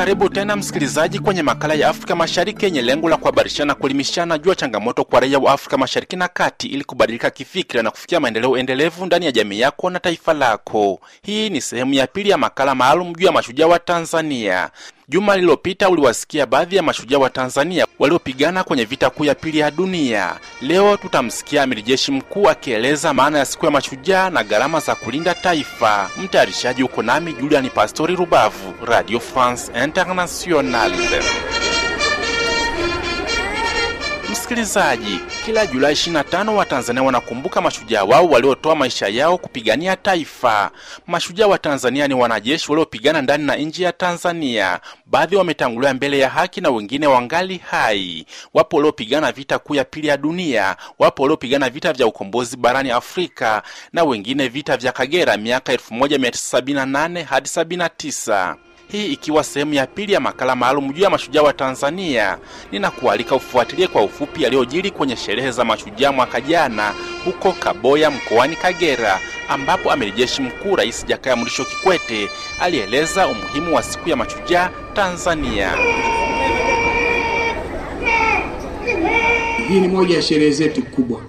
Karibu tena msikilizaji kwenye makala ya Afrika Mashariki yenye lengo la kuhabarishana na kuelimishana juu ya changamoto kwa raia wa Afrika Mashariki na Kati ili kubadilika kifikira na kufikia maendeleo endelevu ndani ya jamii yako na taifa lako. Hii ni sehemu ya pili ya makala maalum juu ya mashujaa wa Tanzania. Juma lililopita uliwasikia baadhi ya mashujaa wa Tanzania waliopigana kwenye vita kuu ya pili ya dunia. Leo tutamsikia amiri jeshi mkuu akieleza maana ya siku ya mashujaa na gharama za kulinda taifa. Mtayarishaji uko nami Julian Pastori Rubavu, Radio France Internationale. Msikilizaji, kila Julai 25 Watanzania wanakumbuka mashujaa wao waliotoa maisha yao kupigania taifa. Mashujaa wa Tanzania ni wanajeshi waliopigana ndani na nje ya Tanzania. Baadhi wametangulia mbele ya haki na wengine wangali hai. Wapo waliopigana vita kuu ya pili ya dunia, wapo waliopigana vita vya ukombozi barani Afrika na wengine vita vya Kagera miaka 1978 hadi 79 hii ikiwa sehemu ya pili ya makala maalum juu ya mashujaa wa Tanzania. Ninakualika ufuatilie kwa ufupi yaliyojiri kwenye sherehe za mashujaa mwaka jana huko Kaboya mkoani Kagera, ambapo amiri jeshi mkuu Rais Jakaya Mrisho Kikwete alieleza umuhimu wa siku ya mashujaa Tanzania. Hii ni moja ya sherehe zetu kubwa.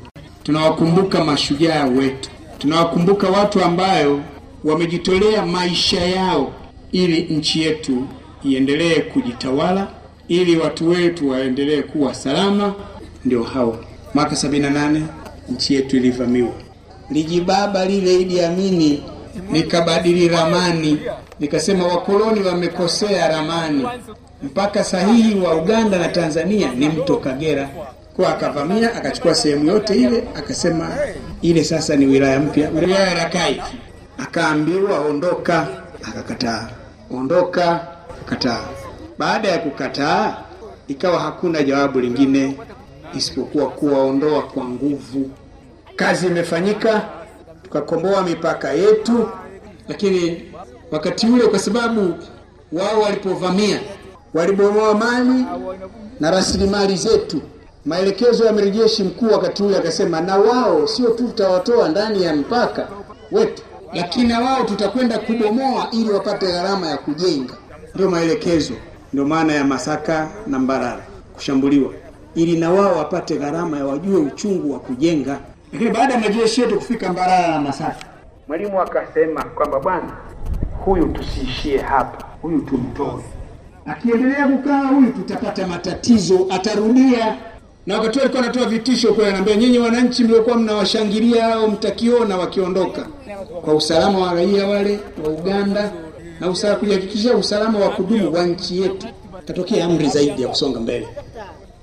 Tunawakumbuka mashujaa wetu, tunawakumbuka watu ambayo wamejitolea maisha yao ili nchi yetu iendelee kujitawala, ili watu wetu waendelee kuwa salama. Ndio hao mwaka 78 nchi yetu ilivamiwa. Lijibaba lile Idi Amini nikabadili ramani, likasema wakoloni wamekosea ramani. Mpaka sahihi wa Uganda na Tanzania ni mto Kagera, kwa akavamia akachukua sehemu yote ile, akasema ile sasa ni wilaya mpya, wilaya ya Rakai. Akaambiwa ondoka, akakataa ondoka, kataa. Baada ya kukataa, ikawa hakuna jawabu lingine isipokuwa kuwaondoa kwa nguvu. Kazi imefanyika, tukakomboa mipaka yetu, lakini wakati ule, kwa sababu wao walipovamia walibomoa mali na rasilimali zetu. Maelekezo ya amiri jeshi mkuu wakati ule akasema, na wao sio tu tutawatoa ndani ya mpaka wetu, lakini na wao tutakwenda kubomoa ili wapate gharama ya kujenga. Ndio maelekezo, ndio maana ya Masaka na Mbarara kushambuliwa, ili na wao wapate gharama ya wajue uchungu wa kujenga. Lakini baada ya majeshi yetu kufika Mbarara na Masaka, mwalimu akasema kwamba bwana, huyu tusiishie hapa, huyu tumtoe. Akiendelea kukaa huyu tutapata matatizo, atarudia na wakati alikuwa anatoa vitisho kwa, anaambia nyinyi wananchi mliokuwa mnawashangilia hao mtakiona wakiondoka kwa usalama wa raia wale wa Uganda na usalama, kujihakikishia usalama wa kudumu wa nchi yetu, tatokea amri zaidi ya kusonga mbele,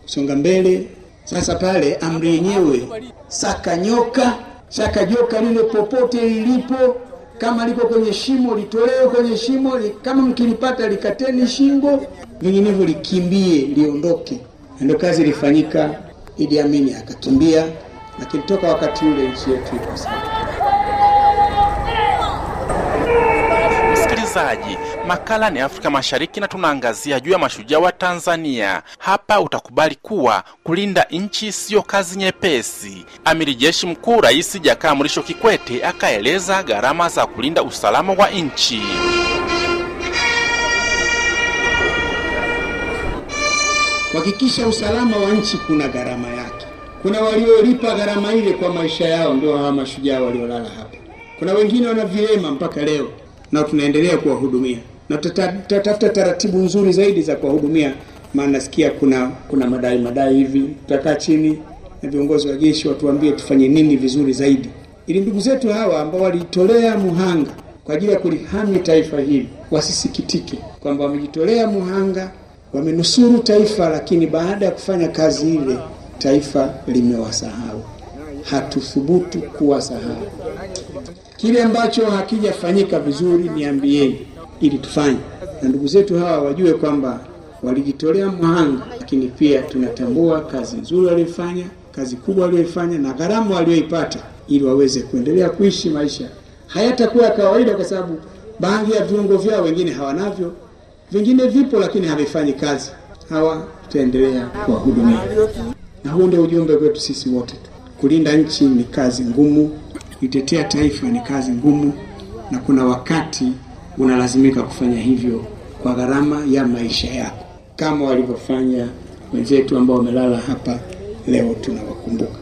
kusonga mbele. Sasa pale amri yenyewe, saka nyoka, saka joka lile popote lilipo, kama liko kwenye shimo litolewe kwenye shimo, kama mkilipata likateni shingo, vinginevyo likimbie, liondoke. Ndio kazi ilifanyika. Idi Amin akakimbia, lakini toka wakati ule nchi yetu ipo sawa. msikilizaji, makala ni Afrika Mashariki na tunaangazia juu ya mashujaa wa Tanzania. Hapa utakubali kuwa kulinda nchi siyo kazi nyepesi. Amiri Jeshi Mkuu Rais jakaa Mrisho Kikwete akaeleza gharama za kulinda usalama wa nchi. Kuhakikisha usalama wa nchi kuna gharama yake. Kuna waliolipa gharama ile kwa maisha yao, ndio hawa mashujaa waliolala hapa. Kuna wengine wana vilema mpaka leo na tunaendelea kuwahudumia na tutatafuta taratibu nzuri zaidi za kuwahudumia, maana nasikia kuna kuna madai madai hivi. Tutakaa chini na viongozi wa jeshi watuambie tufanye nini vizuri zaidi, ili ndugu zetu hawa ambao walitolea muhanga kwa ajili ya kulihami taifa hili wasisikitike kwamba wamejitolea muhanga, wamenusuru taifa, lakini baada ya kufanya kazi ile taifa limewasahau. Hatuthubutu kuwasahau. Kile ambacho hakijafanyika vizuri niambieni, ili tufanye na ndugu zetu hawa wajue kwamba walijitolea mhanga, lakini pia tunatambua kazi nzuri walioifanya, kazi kubwa walioifanya na gharama walioipata, ili waweze kuendelea kuishi maisha hayatakuwa ya kawaida, kwa sababu baadhi ya viungo vyao wengine hawanavyo, vingine vipo lakini havifanyi kazi. Hawa tutaendelea kuwahudumia, na huu ndio ujumbe kwetu sisi wote. Kulinda nchi ni kazi ngumu. Kuitetea taifa ni kazi ngumu, na kuna wakati unalazimika kufanya hivyo kwa gharama ya maisha yako, kama walivyofanya wenzetu ambao wamelala hapa leo. Tunawakumbuka,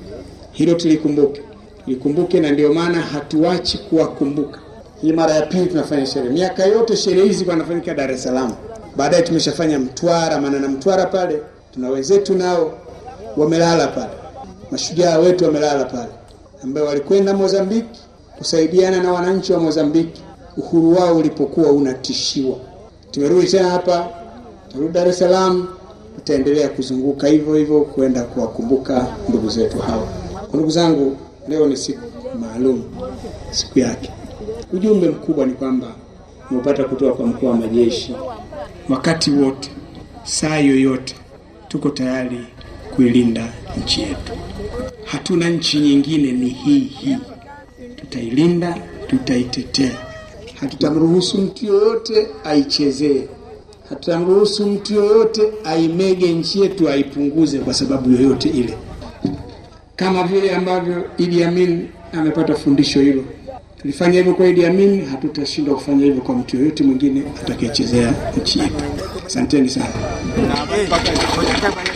hilo tulikumbuke, tulikumbuke, na ndio maana hatuachi kuwakumbuka. Hii mara ya pili tunafanya sherehe. Miaka yote sherehe hizi wanafanyika Dar es Salaam, baadaye tumeshafanya Mtwara, maana na Mtwara pale tuna wenzetu nao wamelala pale, mashujaa wetu wamelala pale ambayo walikwenda Mozambiki kusaidiana na wananchi wa Mozambiki uhuru wao ulipokuwa unatishiwa. Tumerudi tena hapa, tumerudi Dar es Salaam, tutaendelea kuzunguka hivyo hivyo kwenda kuwakumbuka ndugu zetu hawa. ndugu zangu, leo ni siku maalum, siku yake. Ujumbe mkubwa ni kwamba nimepata kutoka kwa mkuu wa majeshi, wakati wote, saa yoyote, tuko tayari kuilinda nchi yetu. Hatuna nchi nyingine, ni hii hii. Tutailinda, tutaitetea. Hatutamruhusu mtu yoyote aichezee, hatutamruhusu mtu yoyote aimege nchi yetu, aipunguze kwa sababu yoyote ile, kama vile ambavyo Idi Amin amepata fundisho hilo. Tulifanya hivyo kwa Idi Amin, hatutashindwa kufanya hivyo kwa mtu yoyote mwingine atakayechezea nchi yetu. Asanteni sana.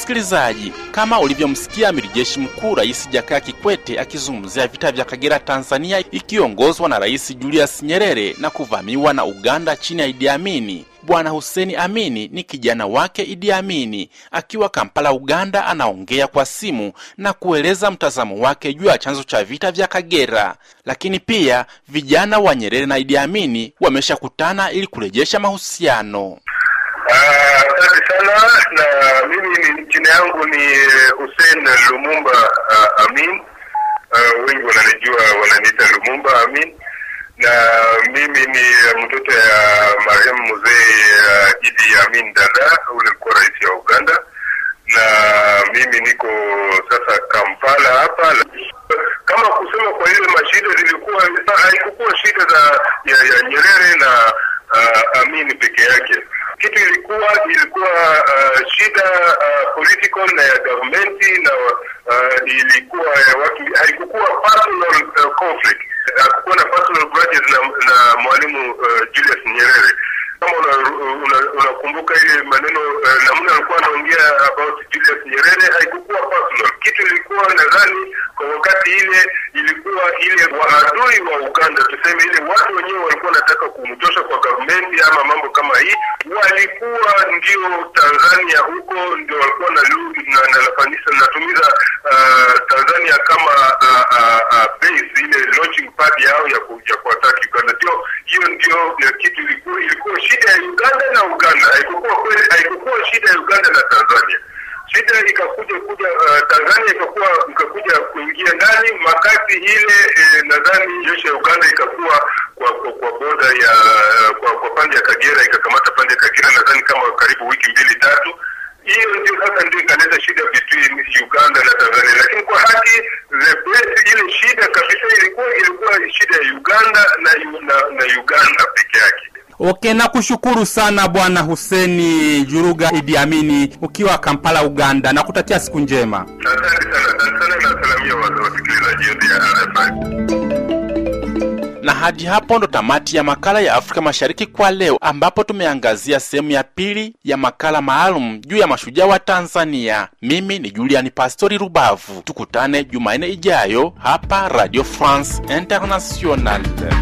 Msikilizaji, kama ulivyomsikia amiri jeshi mkuu Rais Jakaya Kikwete akizungumzia vita vya Kagera, Tanzania, ikiongozwa na Rais Julius Nyerere na kuvamiwa na Uganda chini ya Idi Amini. Bwana Hussein Amini ni kijana wake Idi Amini. Akiwa Kampala, Uganda, anaongea kwa simu na kueleza mtazamo wake juu ya chanzo cha vita vya Kagera. Lakini pia vijana wa Nyerere na Idi Amini wameshakutana ili kurejesha mahusiano. Asante sana na yangu ni eh, Hussein Lumumba uh, Amin. Uh, wengi wananijua wananiita Lumumba Amin, na mimi ni eh, mtoto ya marehemu mzee uh, eh, Idi Amin Dada, ule mkuu rais ya Uganda, na mimi niko hakukuwa personal uh, conflict, hakukuwa uh, na personal grudges na, na mwalimu uh, Julius Nyerere. Kama unakumbuka una, una ile maneno uh, namna alikuwa anaongea about Julius Nyerere, haikukuwa personal kitu, ilikuwa nadhani kwa wakati ile ilikuwa ile waadui wa Uganda, tuseme ile watu wenyewe walikuwa wanataka kumtosha kwa government ama mambo kama hii, walikuwa ndio Tanzania huko ndio walikuwa na nafanisha natumiza uh, Tanzania kama uh, uh, uh, base ile launching pad yao ya kuja kuataki Uganda. Ndio hiyo ndio kitu ilikuwa, ilikuwa shida ya Uganda na Uganda, haikukuwa kweli, haikukuwa shida ya Uganda na Tanzania shida ikakuja kuja uh, Tanzania ikakuwa ikakuja kuingia ndani makati ile eh, nadhani jeshi ya Uganda ikakuwa kwa, kwa, kwa boda ya uh, kwa, kwa pande ya Kagera ikakamata pande ya Kagera nadhani kama karibu wiki mbili tatu. Hiyo ndio sasa ndio ikaleta shida between Uganda na Tanzania, lakini kwa haki the best ile shida kabisa ilikuwa ilikuwa shida ya Uganda na, na, na Uganda peke yake. Ok, nakushukuru sana Bwana Huseni Juruga Idi Amini ukiwa Kampala, Uganda, na kutatia siku njema. na na hadi hapo ndo tamati ya makala ya Afrika Mashariki kwa leo, ambapo tumeangazia sehemu ya pili ya makala maalum juu ya mashujaa wa Tanzania. Mimi ni Juliani Pastori Rubavu. Tukutane Jumanne ijayo hapa Radio France Internationale.